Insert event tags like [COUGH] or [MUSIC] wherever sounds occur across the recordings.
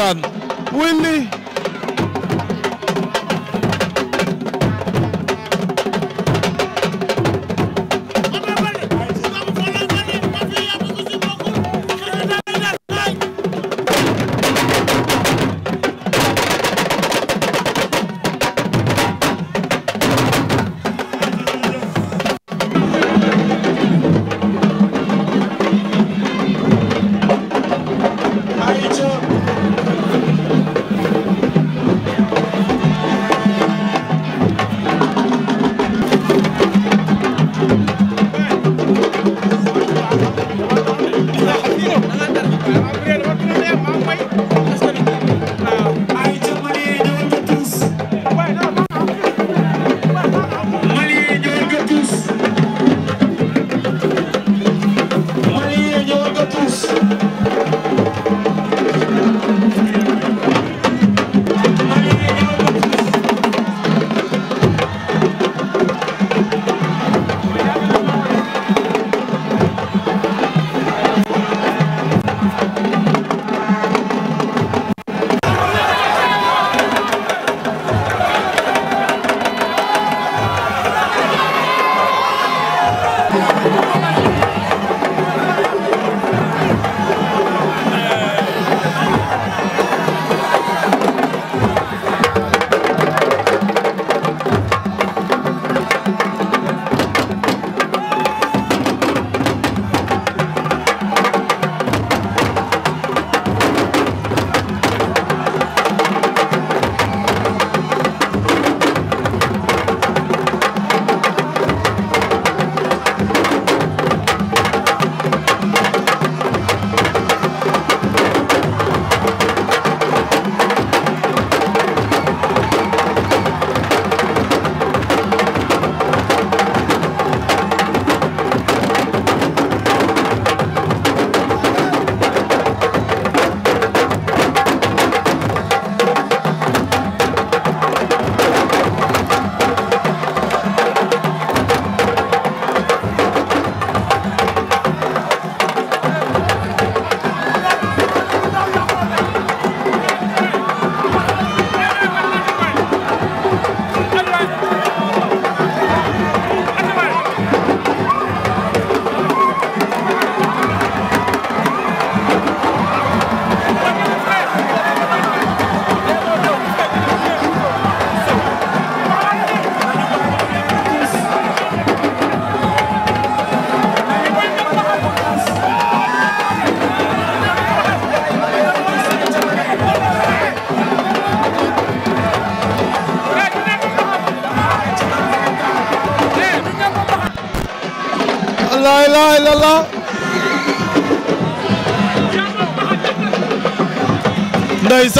ndeysaan willi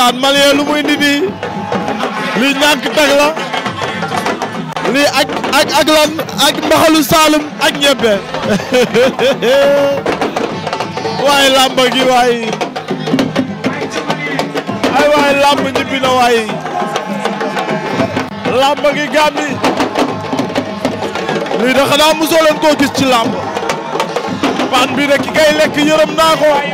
ndeysaan malien lu muy indi nii lii ñàkk teg la lii ak ak ak lan ak mbaxalu saalum ak ñebbe [LAUGHS] waaye làmb gi waaye ay waaye làmb ñibbi na waaye làmb gi gàmmi lii da xanaa mosoo koo gis ci làmb paan bi rek ki kay lekk yërëm naa ko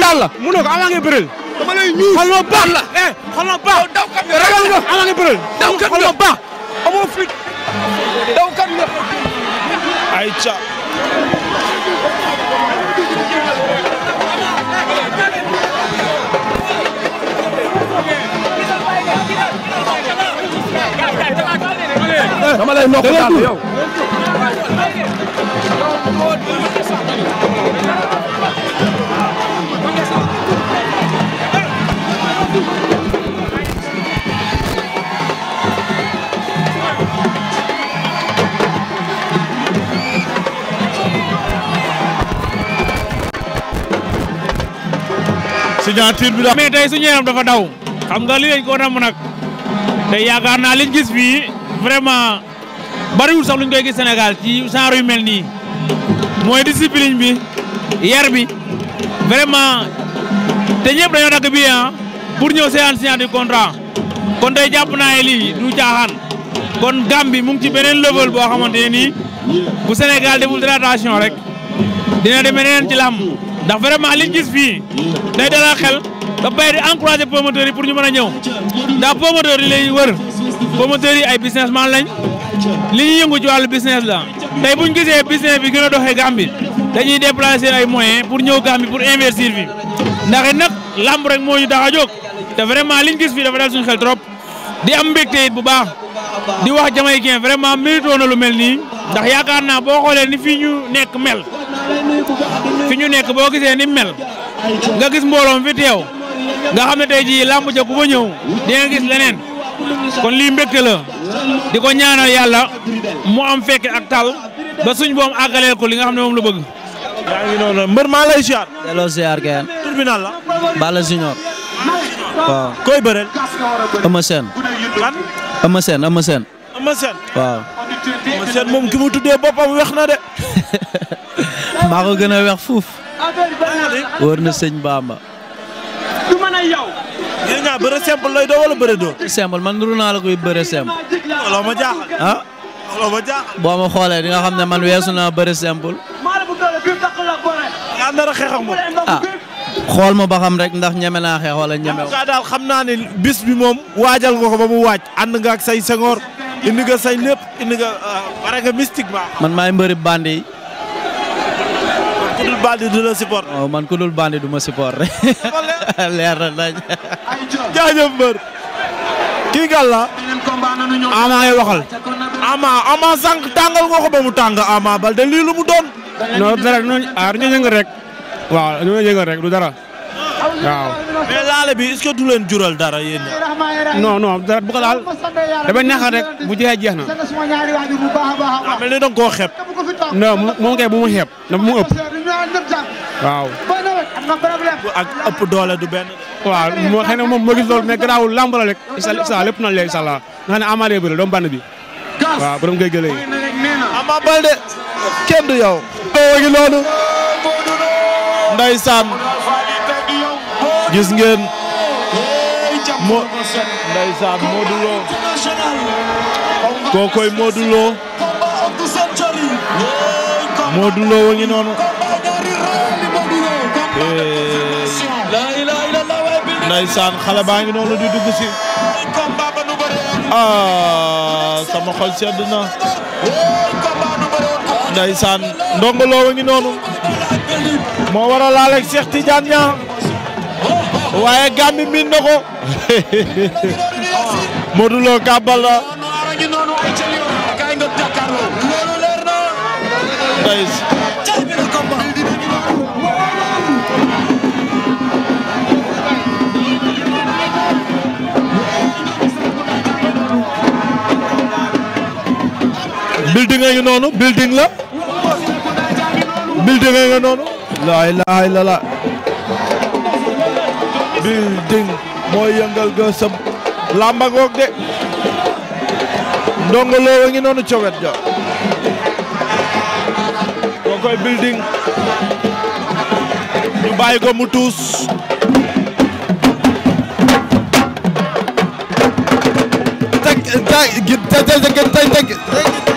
daal la. munoo ko avant ngay bëreel. dama lay ñuul xol ma baax la. Eh, xol ma baax daw kat nga ragal nga avant ngay bëreel. daw kat nga xol ma baax. amoo fit daw kat nga. ay ca. dama lay nokk daal yow. Thank you. signature bi la. mais tey suñu yaram dafa daw xam nga li lañ ko nam nag tey yaakaar naa liñ gis fii vraiment bariwul sax luñ koy gis Sénégal ci genre yu mel nii mooy discipline bi yar bi vraiment te ñëpp dañoo dagg bi ah pour ñëw séance signature contrat kon tey jàpp naa ne lii du caaxaan kon Gambie mu ci beneen level boo xamante ne nii bu Sénégal deful dara attention rek dina demee neneen ci làmb ndax vraiment liñ gis fii day dalal xel ba pare di encourager promoteurs yi pour ñu mën a ñëw ndax promoteurs yi lay wër promoteurs yi ay businessman lañ li ñuy yëngu ci wàllu business la tey bu ñu gisee business bi gën a doxee Gambie dañuy déplacer ay moyens pour ñëw Gambie pour investir fi ndax nag lamb rek moo ñu tax a jóg te vraiment liñ gis fii dafa dal suñu xel trop di am mbégte it bu baax di wax jamaïcain vraiment mérite na lu mel nii ndax yaakaar naa boo xoolee ni ñu nekk mel. fi ñu nekk boo gisee ni mel nga gis mbooloom fi teew nga xam ne tey jii làmb ja ku fa ñëw di nga gis leneen kon lii mbégte la di ko ñaanal yàlla mu am fekke ak tal ba suñ boom àggaleel ko li nga xam ne moom la bëgg. yaa ngi noonu mbër maa lay ziar. delloo waaw. koy bëreel. Eumeu Sène. kan. Eumeu Sène Eumeu Sène. Eumeu Sène. waaw. moom ki mu tuddee boppam wax na de. [LAUGHS] maa gën a weex fuuf. wër na sëñ Bamba. du mën a yow. yéen ñaa bëre simple lay doo wala bëre doo. simple man nuru naa la koy bëre simple. looloo ma jaaxal. ah. xoolee di nga xam ne man weesu naa bëre simple. yaa nar xeex ak ah. xool ma ba xam rek ndax ñeme naa xeex wala ñeme wu. daal xam naa bis bi moom waajal nga ko ba mu waaj ànd nga ak say sengoor indi nga say lépp indi nga bare euh, nga mystiquement. man maay mbëri bandi ku dul du la support. waaw oh, man ku dul ma support rek. leer na kii gàlla. ama ngay ama ama sànq tàngal nga ko ba mu ama bal de lu mu doon. non dara non ah dañoo yëngal rek. du dara. waaw. mais laale bi est-ce que du leen jural dara yéen non non dara bu ko laal dama rek bu jeexee jeex na. ah mais li doon koo xeeb. non moom bu mu xeeb na mu ëpp. waaw. ak ëpp doole du benn. waaw moo xëy na moom moo gis loolu garaawul lamb isa lépp na leen incha allah nga xam ne Ama lay waaw borom ngay gëlee. Ama Baldé kenn du yow. loolu ngi noonu. gis ngeen moo ndeysaan Modou Lo kookoy Modou Lo Modou Lo wa ngi noonu ndeysaan xale baa ngi noonu di dugg si ah, sama xol na ndeysaan ndongo wa ngi noonu moo war a laaleeg Cheikh Tidiane waaye Gàmbi miin na ko [LAUGHS] Modou la building a ngi noonu building la building a ngi noonu la ilaha illallah building mooy yëngal ga sëb làmba ngoog de ndongo loo ngi noonu cowet ja koo koy building ñu bàyyi ko mu tuus teg teg teg teg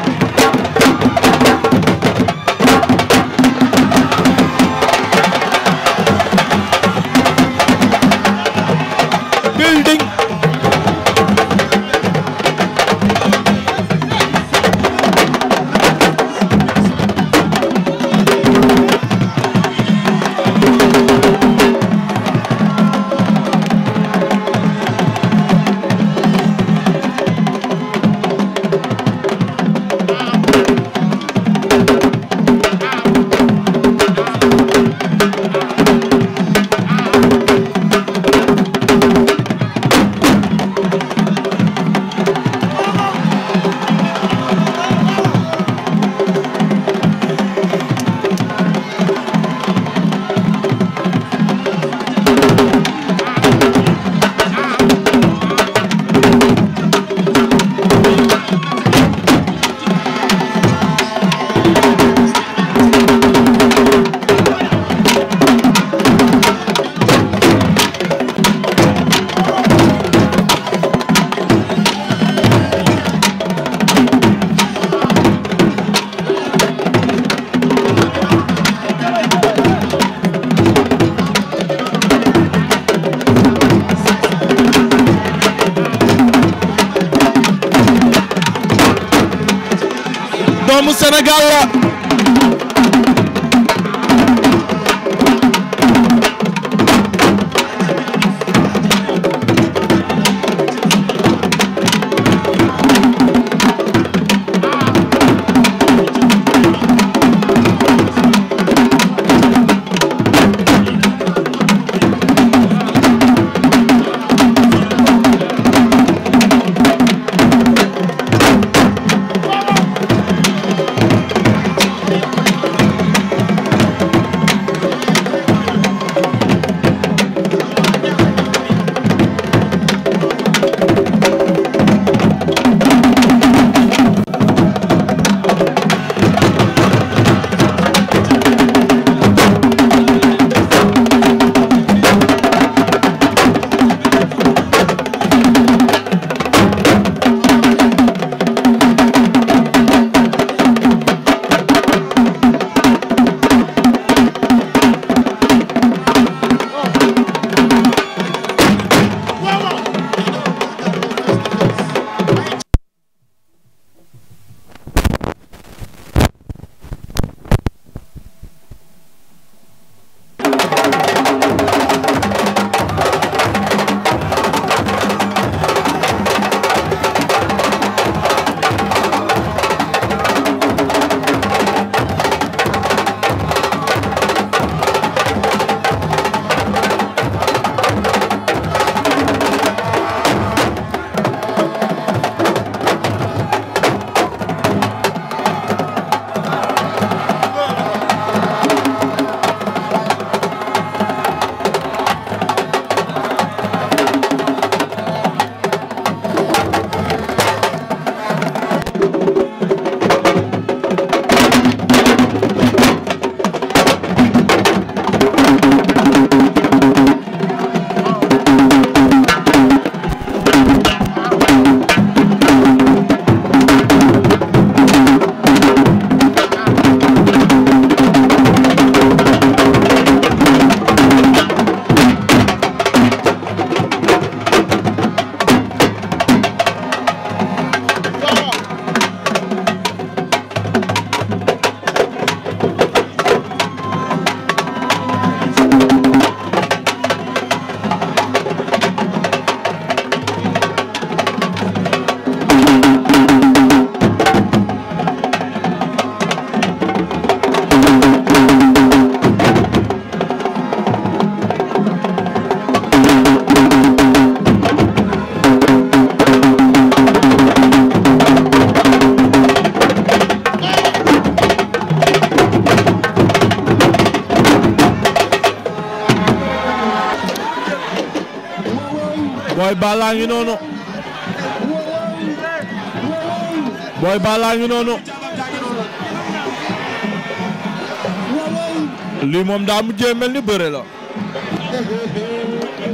lii moom daa mujjee mel ni bëre la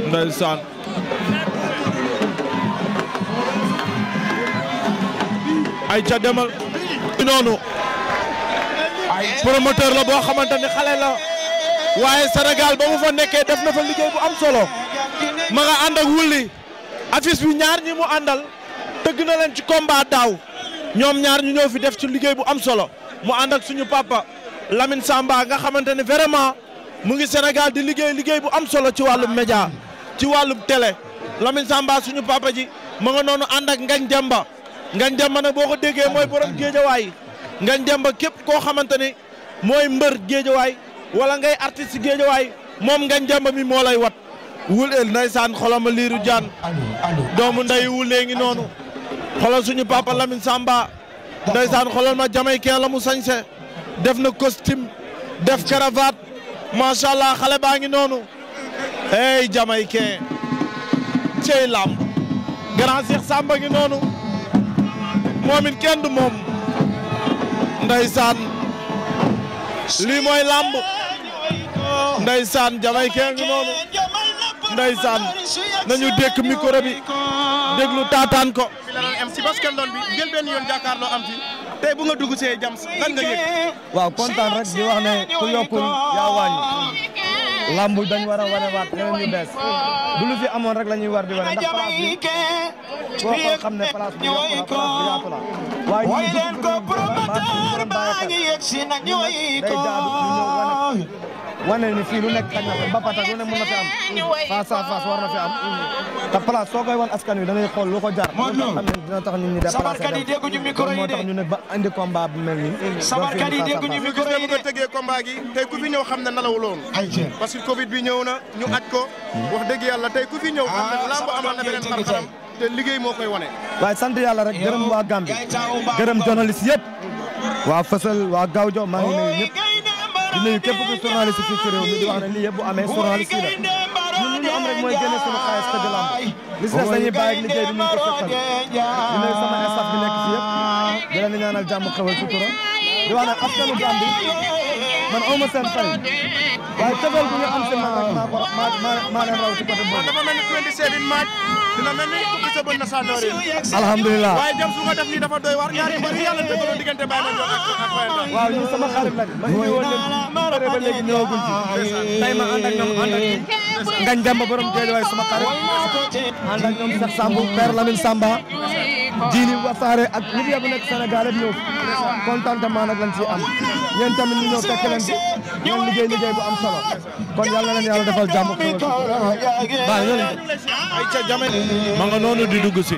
ndeysaan ay ca demal noonu promoteur la boo xamante ni xale la waaye Sénégal ba mu fa nekkee def na fa liggéey bu am solo ma nga ànd ak wulli affiche bi ñaar ñi mu àndal tëgg na leen ci combat daaw ñoom ñaar ñu ñëw fi def ci liggéey bu am solo mu ànd ak suñu papa Lamine Samba nga xamante ne vraiment mu ngi Sénégal di liggéey liggéey bu am solo ci wàllu média ci wàllum tele Lamine Samba suñu paapa ji ma nga noonu ànd ak Ngagne Demba Ngagne Demba boo ko déggee mooy borom géejawaay Ngagne Demba képp koo xamante ni mooy mbër géejawaay wala ngay artiste géejawaay moom Ngagne Demba mi moo lay wat. wul el ndeysaan ma liiru jaan doomu nday wulee léegi noonu xoolal suñu papa Lamine Samba ndeysaan xoolal ma jamaïcain la mu sañse def na costume def cravate macha allah xale baa ngi noonu. hey Jamaïcain cey làmb grand Cheikh Samba ngi noonu moom kenn du moom saan lii mooy làmb saan Jamaïcain ngi noonu. ndeysaan nañu dékk micro bi déglu taataan ko. si basket doon bi jël benn yoon jàkkaarloo am fi tey bu nga dugg see jam lan nga yëg. waaw kontaan rek di wax na ku yokkul yaa wàññi. lamb dañ war a wanewaat leneen ñu bees du lu fi amoon rek la ñuy war di wane ndax place bi boo ko xam ne place bi yokku la place bi yaatu la waaye ñu dugg ko borom baax ñu borom baax day jaadu ñu ñëw wane wane ni fii lu nekk xaj na ba pata lu ne mën na fi am face à face war na fi am te place soo koy wan askan wi da ngay xool lu ko jar xam ne dina tax nit ñi sabarkat yi dégguñu micro yi de moo tax ñu ne ba indi combat bu mel nii sabarkat yi dégguñu micro yi de nga tëggee combat gi tey ku fi ñëw xam ne nalaw loon parce que covid bi ñëw na ñu aj ko wax dëgg yàlla tey ku fi ñëw xam ne ah, lamb amoon na beneen xam-xam te liggéey moo koy wane waaye sant yàlla rek gërëm waa Gambie gërëm journaliste yëpp waa Fësal waa Gawjo maa ngi nuyu ñëpp di nuyu képp ku journaliste fii ci réew mi di wax ne lii yëpp bu amee journaliste yi la ñun mooy génne sama xaalis te li si des dañuy bàyyi ak liggéey bi ñu ngi ko fekkal di nuyu bi nekk fii yëpp di leen ñaanal jàmm xewal sutura di wax nag askanu Gàmbi man aw ma seen fay waaye cofeel bu ñu am si maa maa maa maa leen raw si côté boobu. dafa mel ni 27 maaj dina mel ni ku gis bët na saa door yi. alhamdulilah waaye jëm su ma def nii dafa doy waar ñaari mbir yàlla dëggaloo diggante bàyyi ma jox ak ak waaw ñu sama xarit lañ. loolu ba léegi ñëwagul ci tey ma ànd ak ñoom ànd ak ngañ gamba borom géejawaay sama xarit ànd ak ñoom sax Samb père Lamine Samba jiini wasaare ak ñi yëpp nekk Sénégal yëpp ñëw contentement nag lañ ciy am ñeen tamit ñu ñëw fekk leen ci liggéey liggéey bu am solo kon yàlla leen yàlla defal jàmm baa ñoo ay ma nga noonu di dugg si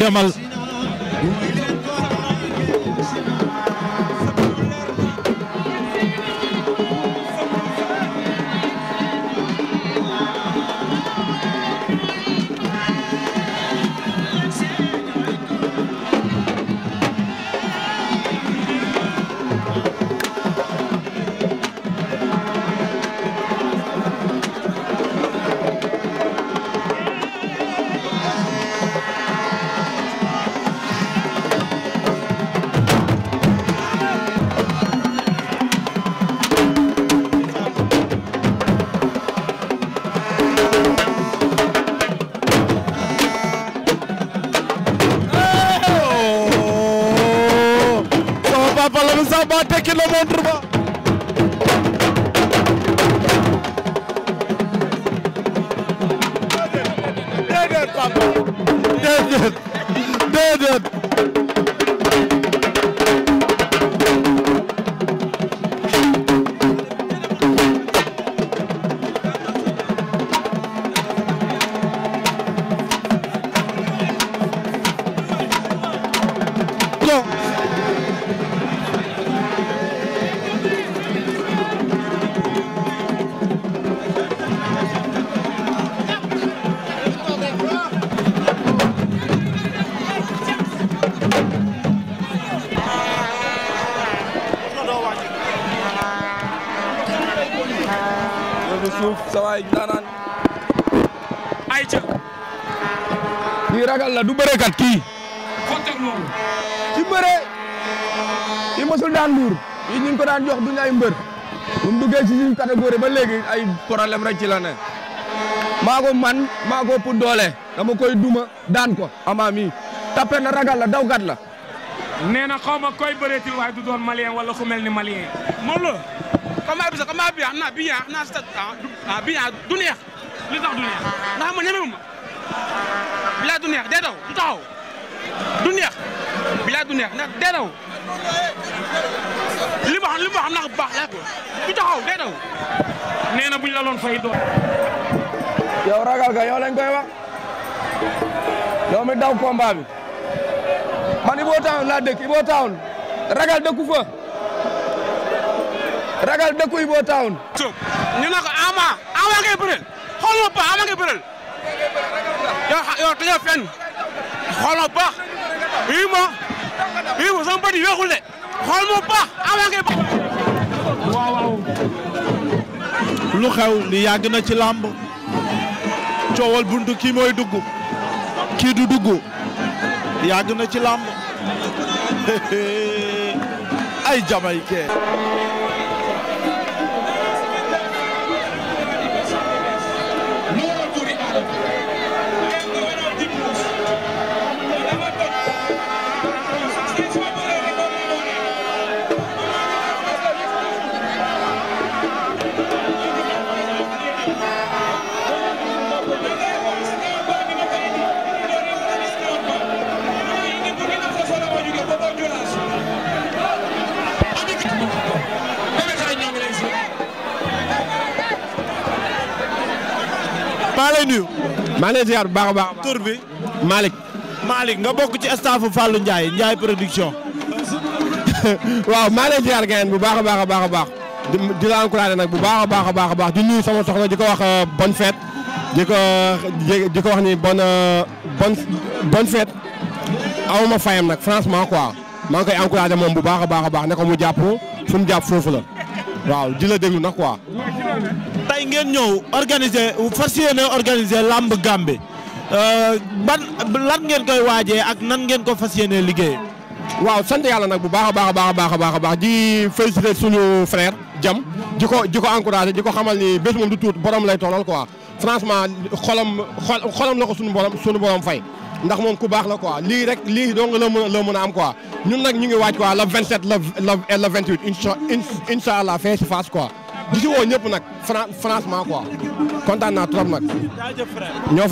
demal combat ba tekki na montre ba daan jox duñu mbër bu mu duggee ci suñu ba léegi ay problème rek la ne maa ko maa ko ëpp doole dama koy duma daan ko ama mi tapé na la dawgat la nee na xawma ma koy bëreetil waaye du doon malien wala ku mel ni malien moom la combat bi sax combat bi xam ah, naa bi xam ah, naa sa ah, ah bi neex li neex ndax ma ñemewu ma bilaa du neex dee taxaw du neex bilaa du li ma xam li ma xam nag bu taxaw day daw nee na buñ la loon fay doon. yow ragal ga yow lañ koy wax yow mi daw combat bi man Ibo Town laa dëkk Ibo Town ragal dëkku fa ragal dëkku Ibo Town. ñu ne ko Ama Ama ngay bëreel xool ma Ama ngay bëreel yow xa yow dañoo fenn xool ma ma bii ma sama bët yi xool mu baax avant ngay baax. waaw waaw. lu xew li yàgg na ci làmb coowal buntu kii mooy dugg kii du dugg yàgg na ci làmb [LAUGHS] ay jamay kee. lay maa ngi lay ziar baax a baax. tur bi Malick. Malick nga bokk ci staff Fallou Ndiaye Ndiaye production. waaw maa ngi lay ziar bu baax a baax a baax a baax di la encouragé bu baax a baax a baax baax di nuyu sama soxna di ko wax bon fête di ko di ko wax ni bonne bonne bonne fête awuma fayam nag franchement quoi maa ngi koy encouragé moom bu baax a baax a baax ne ko mu jàpp fu mu jàpp foofu la waaw di la déglu nag quoi. tey ngeen ñëw organiser fas yéene organiser lamb Gambie euh, ban lan ngeen koy waajee ak nan ngeen ko fas yéene liggéey. waaw sant yàlla nag bu baax a baax a baax a baax a baax di féliciter suñu frère Jam di ko di ko encourager di xamal ni bés moom du tuut borom lay tollal quoi franchement xolam xolam la ko suñu borom suñu borom fay. ndax moom ku baax la quoi lii rek lii dong la mën a la am quoi ñun nag ñu ngi waaj quoi le 27 le le le 28 incha incha allah face à face di ci woo ñëpp nag franchement quoi kontaan naa trop nag ñoo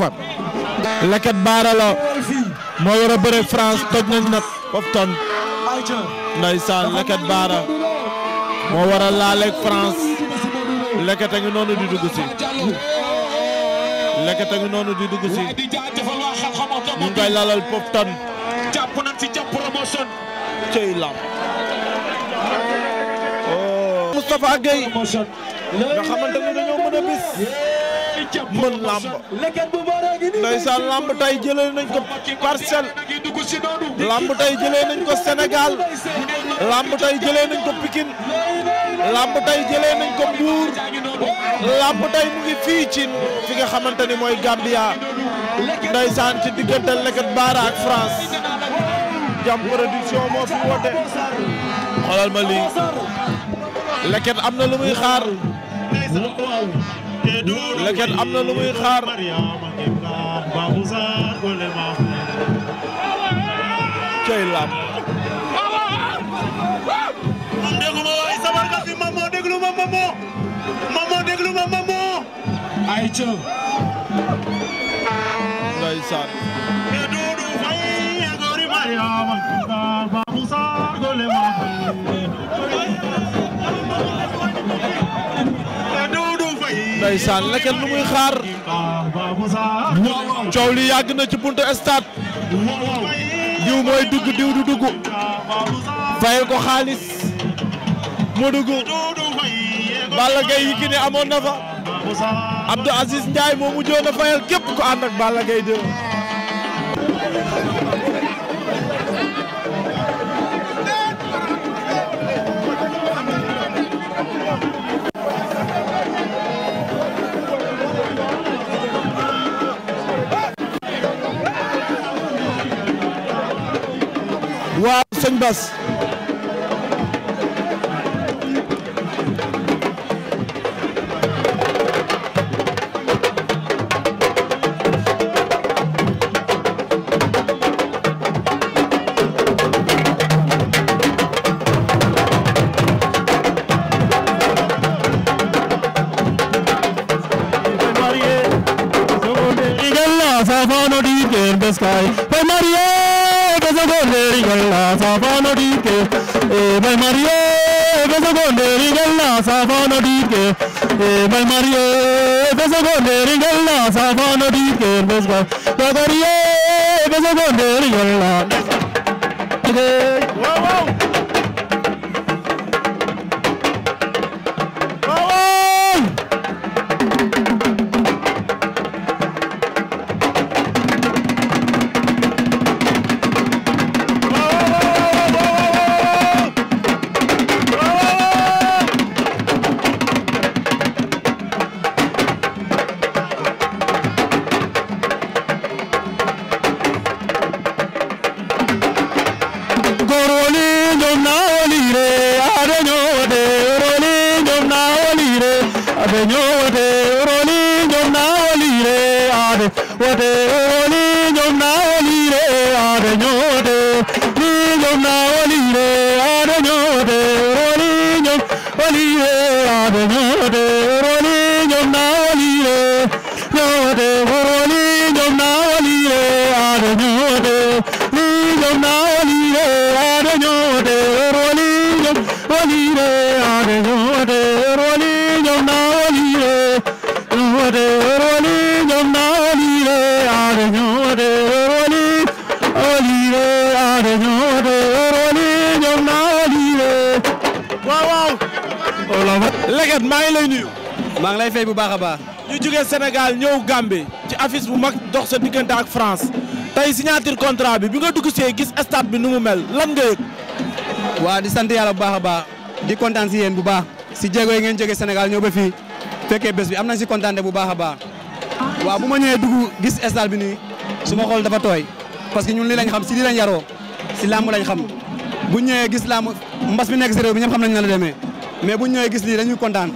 Leket Baara la moo yor a France toj nañ nag Pofton ndeysaan Leket Baara moo war a laaleeg France Leket a ngi noonu di dugg Leket a noonu di dugg si ñu ngi koy lalal jàpp nañ ci jàpp promotion. cey lam Moustapha Gueye nga xamante ni dañoo mën a bis mën làmb ndeysaan làmb tey jëlee nañ ko Parcelles làmb tey jëlee nañ ko Sénégal làmb tey jëlee nañ ko Pikine làmb tey jëlee nañ ko Mbour làmb tey mu ngi fii ci fi nga xamante ni mooy Gambia ndeysaan ci diggante Leket Baara ak France Jam Production moo fi woote xoolal ma lii Leket am na lu muy xaar Leket am na lu muy xaar cey lam dégluma waay sabarka si mamo dégluma mamo mamo dégluma mamo ay cë ndeysaan e dudu fay agori mariama ba musa gole ma ndeysaan Leket lu muy xaar coow li yàgg na ci buntu stade diw mooy dugg diw du dugg fayal ko xaalis mu dugg Balla Gaye yi ki amoon na fa Abdou Aziz Ndiaye moo mujjoon a fayal képp ko ànd ak Balla Gaye Bas safana dirke mal e mario e beso con ringola safana dirke e beso con mario beso con ringola okay Sénégal ñëw Gambie ci affiche bu mag dox sa diggante ak France tey signature contrat bi bi nga dugg see gis stade bi nu mu mel lan nga yëg. waa di sant yàlla bu baax a baax di kontaan si yéen bu baax si jéego yi ngeen jógee Sénégal ñëw ba fi fekkee bés bi am nañ si kontaan bu baax a baax waaw bu ma ñëwee dugg gis stade bi nii su ma xool dafa tooy parce que ñun lii lañ xam si lii lañ yaroo si làmb lañ xam bu ñëwee gis làmb mbas mi nekk si réew bi ñëpp xam nañ na la demee mais bu ñëwee gis lii dañuy kontaan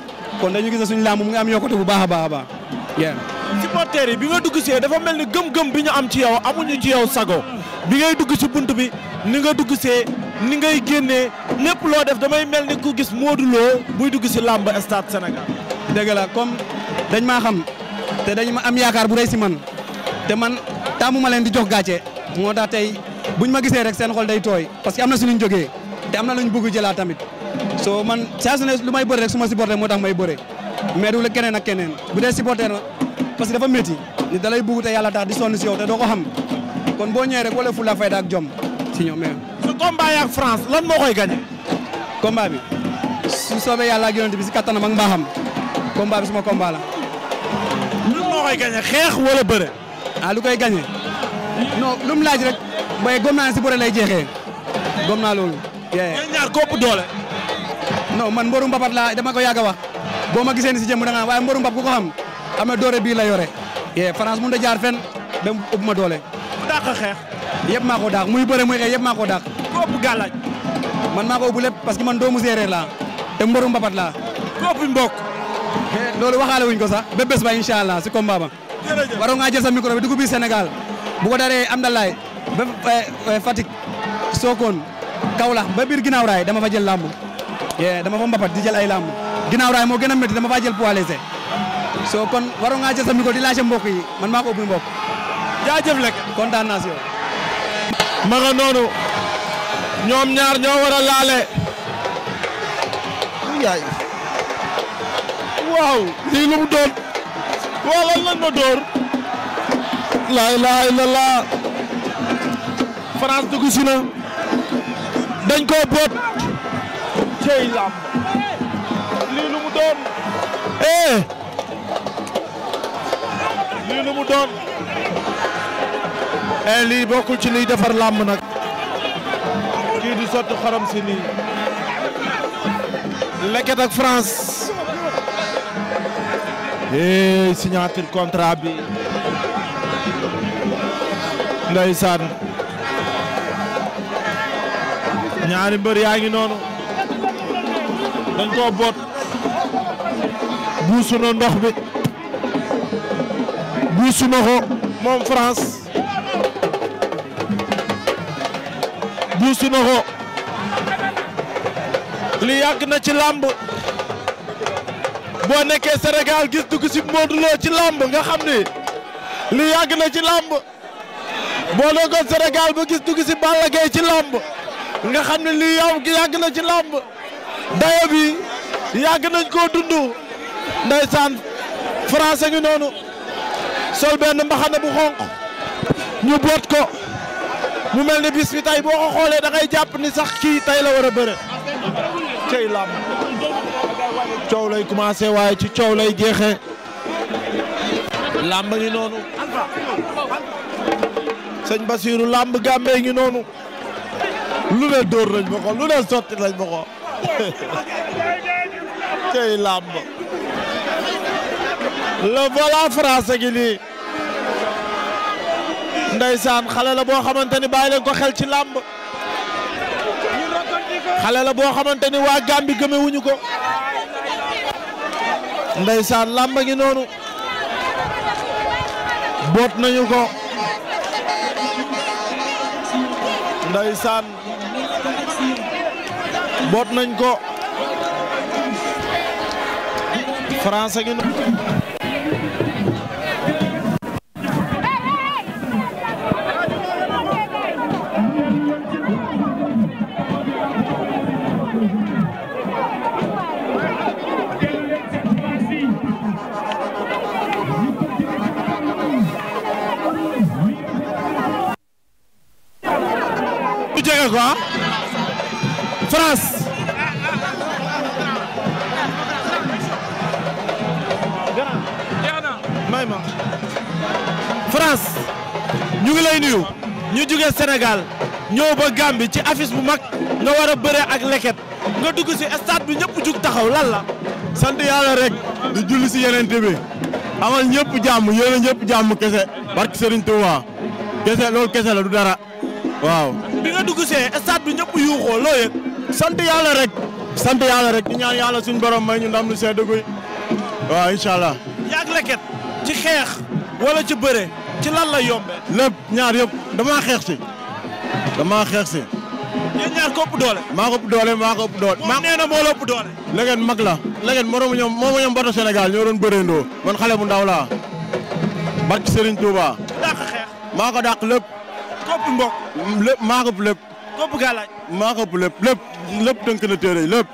a baax a baax. supporters yi bi nga dugg see dafa mel ni gëm-gëm bi ñu am ci yow amuñu ci yow sago bi ngay dugg ci bunt bi ni nga dugg see ni ngay génnee lépp loo def damay mel ni ku gis Modou Lo buy dugg ci làmb stade Sénégal. dëgg la comme dañ maa xam te dañ ma am yaakaar bu rëy si man te man taamu ma leen di jox gàcce moo tax tey ñu ma gisee rek seen xool day tooy parce que am na suñu jógee te am na luñ bëgg jëlaat tamit soo man saa su ne lu may bëre rek su ma moo tax may bëre. mais du la keneen ak keneen bu dee supporter na parce que dafa métti ni da lay bugg te yàlla tax di sonn si yow te doo ko xam kon boo ñëwee rek wala fulla fayda ak jom si ñoom mais. su combat yi ak France lan moo koy gagné. combat bi su soobee yàlla ak yonent bi si kattanam ba mbaaxam combat bi suma combat la. lan moo koy gagné xeex wala bëre. ah lu koy gagné non lu mu laaj rek mooy gom naa ne si bëre lay jeexee gom naa loolu. yéen ñaar kopp doole. non man mboru mbapat laa dama ko yàgg wax. boo ma gisee ni si jëmm da nga waaye mboru mbab ku ko xam amee doore bii la yore yee France mun jaar fen ba ëpp ma doole. bu dàq xeex. yëpp maa ko muy bëre muy xeex yëpp maa ko dàq. ku ëpp man maa ko ëpp lépp parce que man doomu séeréer la te mboru mbabat la ku ëpp mbokk. loolu waxaale wuñ ko sax ba bés ba incha allah si combat ba. jërëjëf waroon ngaa jël sa micro bi dugub bi Sénégal daree am dalaay ba eh, eh, Fatick Sokone Kaolack ba biir ginnaaw raay dama fa jël làmb dama fa mbapat ay làmb ginnaaw raay moo gën a métti dama faa jël poids léger soo kon waroon ngaa jël sa micro yi man maa ko ubbi mbokk. jaajëf lekk kontaan naa si yow. ma nga ñoom ñaar ñoo war laale. yaay waaw lii lu mu si na. dañ koo boot. cey làmb. Eh. lii lu mu doon eh lii bokkul ci liy defar làmb nag kii di sotti xorom si nii leket ak France eh signature contrat bi ndeysaan ñaari mbër yaa ngi noonu dañ koo boot buusu na ndox bi buusu na ko moom France buusu na ko li yàgg na ci làmb boo nekkee Sénégal gis dugg si Modou ci làmb nga xam ni li yàgg na ci làmb boo nekkoon Sénégal ba gis dugg si Balla ci làmb nga xam ne lii yàgg na ci làmb dayo bi yàgg nañ koo dund ndeysaan français ngi noonu sol benn mbaxane bu xonq ñu boot ko mu mel ni bis bi tey boo ko xoolee da ngay jàpp ni sax kii tey la war a bëre cey làmb coow lay commencé waaye ci coow lay jeexee làmb ngi noonu sëñ Basiiru làmb gàmbee ngi noonu lu ne dóor lañ ma ko lu ne sotti lañ ma ko [LAUGHS] cey làmb le volant français gi nii ndeysaan xale la boo xamante ni bàyyi leen ko xel ci làmb xale la boo xamante ni waa Gàmbi gëmewuñu ko ndaysaan làmb gi noonu boot nañu ko ndeysaan boot nañ ko français gi noonu lay ñu jugee senegal ñëw ba Gambie ci affiche bu mag nga war a bëree ak leket nga dugg si stade bi ñëpp jug taxaw lan la. sant yàlla rek di julli si yeneen bi amal ñëpp jàmm yéen a ñëpp jàmm kese barke Serigne Touba kese loolu kese la du dara waaw. bi nga dugg see bi ñëpp yuuxoo loo sant yàlla rek. sant yàlla rek di ñaan yàlla suñu borom may ñu ndam lu sedd guy waaw incha allah. yàgg leket ci xeex wala ci bëre. ci lan la yombee. ñaar yëpp damaa xeex si. damaa xeex si. yéen ñaar ko ëpp doole. maa ko ëpp doole maa ko doole. moom nee na moo la doole. legen mag la. legen moromu ñoom moomu ñoom bato Sénégal ñoo man xale bu ndaw laa. barke Serigne Touba. dàq xeex. maa ko dàq lépp. kopp mbokk. lépp maa ko ëpp lépp. kopp maa ko ëpp lépp lépp lépp tënk na téere lépp.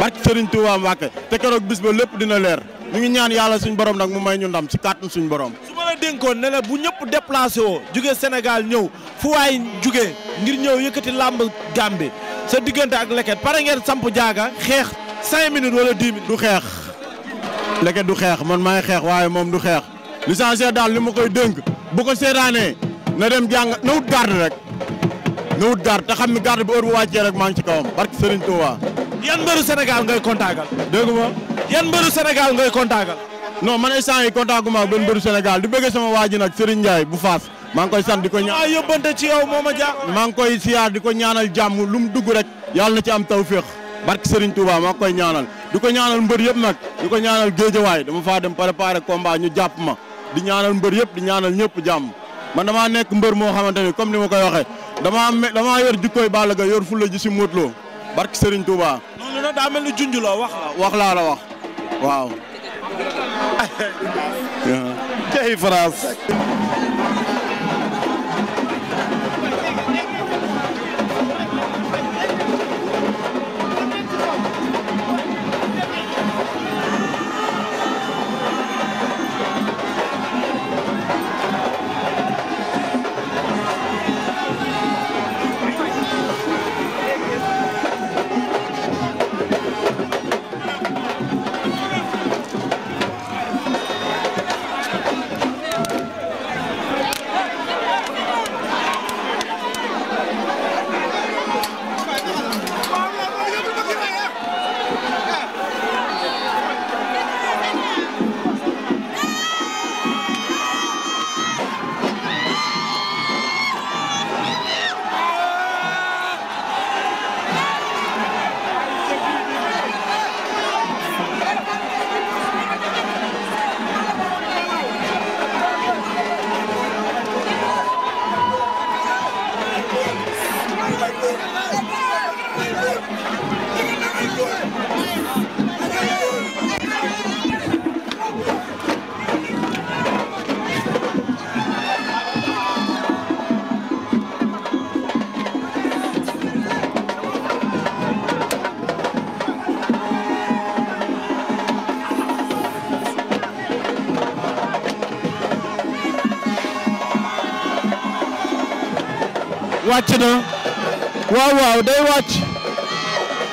barke Serigne Touba Mbacke te keroog bis lépp dina leer. ñu ngi ñaan yàlla suñu borom nag mu may ñu ndam ci kàttan suñu borom. su ma la dénkoon ne la bu ñëpp déplacé woo jugee Sénégal ñëw fu waay jóge ngir ñëw yëkkati làmb Gambie sa diggante ak leket pare ngeen samp jaaga xeex cinq minutes wala dix minutes. du xeex leket du xeex man maay xeex waaye moom du xeex licencié daal li ma koy dénk bu ko seetaanee na dem jàng na wut garde rek na wut garde te xam ne garde bi heure bu wàccee rek maa ngi ci kawam barke Serigne Touba. yan mbëru Sénégal ngay kontaagal. dégg ma yan mbëru Sénégal ngay kontaagal. non man instant yi kontaagu ma ak benn mbëru Sénégal di bëgg sama waa ji nag Serigne Ndiaye bu Faas. maa ngi koy san di ko ñaan waaw yóbbante ci yow ma ngi koy siyaar di ko ñaanal jàmm lu mu dugg rek. yàlla na ci am tawféex. barke Serigne Touba maa ngi koy ñaanal di ko ñaanal mbër yëpp nag di ko ñaanal géejawaay dama faa dem préparer combat ñu jàpp ma di ñaanal mbër yëpp di ñaanal ñëpp jàmm man damaa nekk mbër moo xamante ni comme ni ma koy waxee damaa damaa yor jikkooy Balla Gaye yor fulla ji si Modou Lo barki Serigne Touba. loolu nag daa mel ni junj la wax la. wax laa la wax waaw. tey [LAUGHS] France. wàcc na waaw day wàcc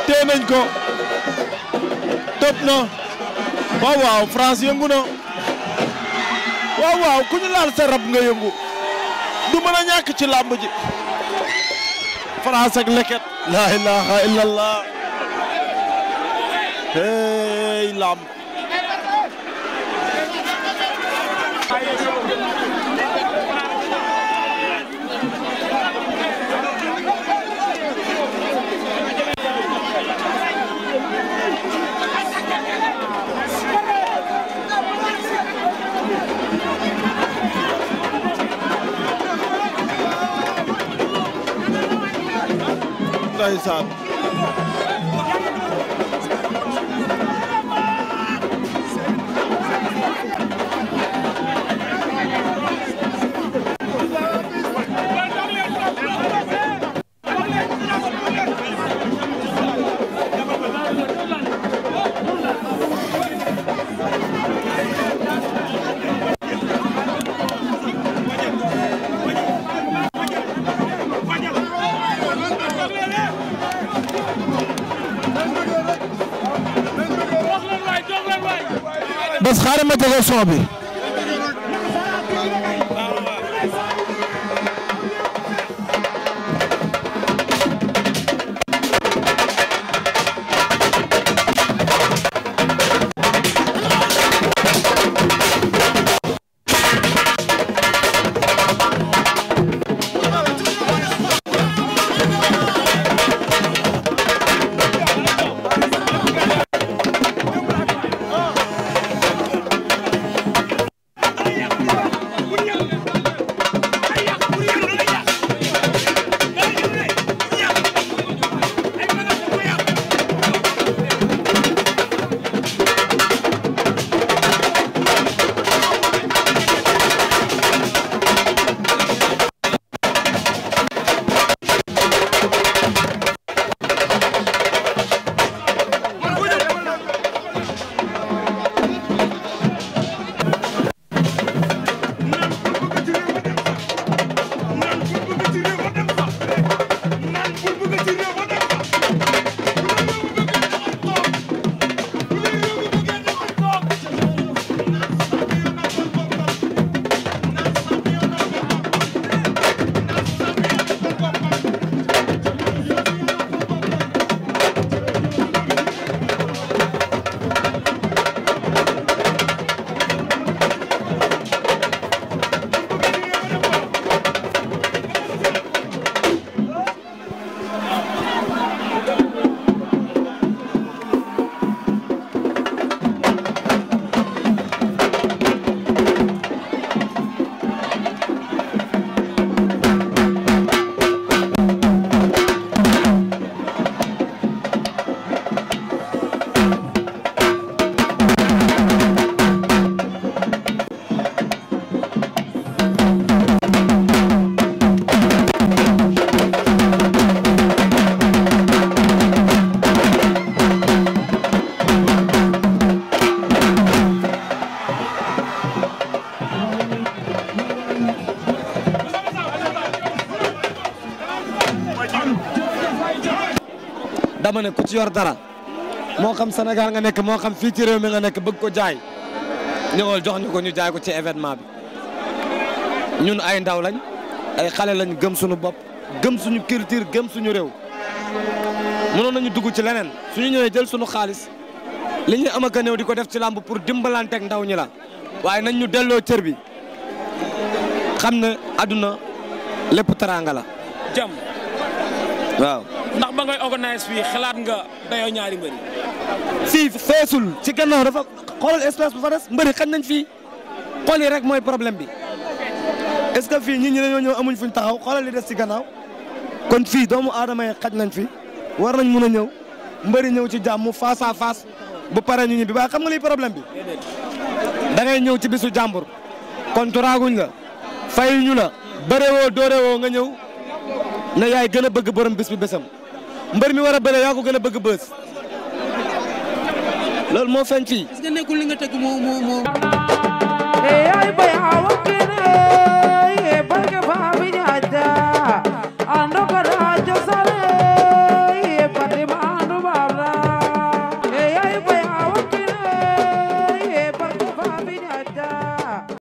tee nañ ko topp na waaw France yëngu na waaw ku ñu laal sa rab nga yëngu du mën a ñàkk ci làmb ji France ak leket la ilaha illallah hey làmb ndeysaan xaaral ma tegal son bi. dama ne ku ci yor dara moo xam senegal nga nekk moo xam fii ci réew mi nga nekk bëgg ko jaay ñëwal jox ñu ko ñu jaay ko ci événement bi ñun ay ndaw lañ ay xale lañ gëm suñu bopp gëm suñu culture gëm suñu réew mënoon nañu dugg ci leneen suñu ñëwee jël suñu xaalis li ñuy am a néew di ko def ci làmb pour dimbalanteeg ndaw ñi la waaye nañ ñu delloo cër bi xam ne àdduna lépp teraanga la jàmm waaw ndax ba ngay organise fii xalaat nga dayoo ñaari mbëri fii feesul ci gannaaw dafa xoolal espace bu fa des mbëri xañ nañ fii xool yi rek mooy problème bi est-ce que fii ñit ñi dañoo ñëw amuñ fu ñu taxaw xoolal li des si gannaaw kon fii doomu aadama yi xaj nañ fi war nañ mun a ñëw mbëri ñëw ci jàmm face à face bu pare ñu ñibbi baa xam nga liy problème bi da ngay ñëw ci bisu jàmbur kon turaaguñ la fayuñu la bërewoo dóorewoo nga ñëw ne yaay gën a bëgg borom bis bi bésam mbër mi war a bëre yaa ko gën a bëgg bës loolu moo feeñ fii. est-ce que nekkul li nga tëgg moo moo moo.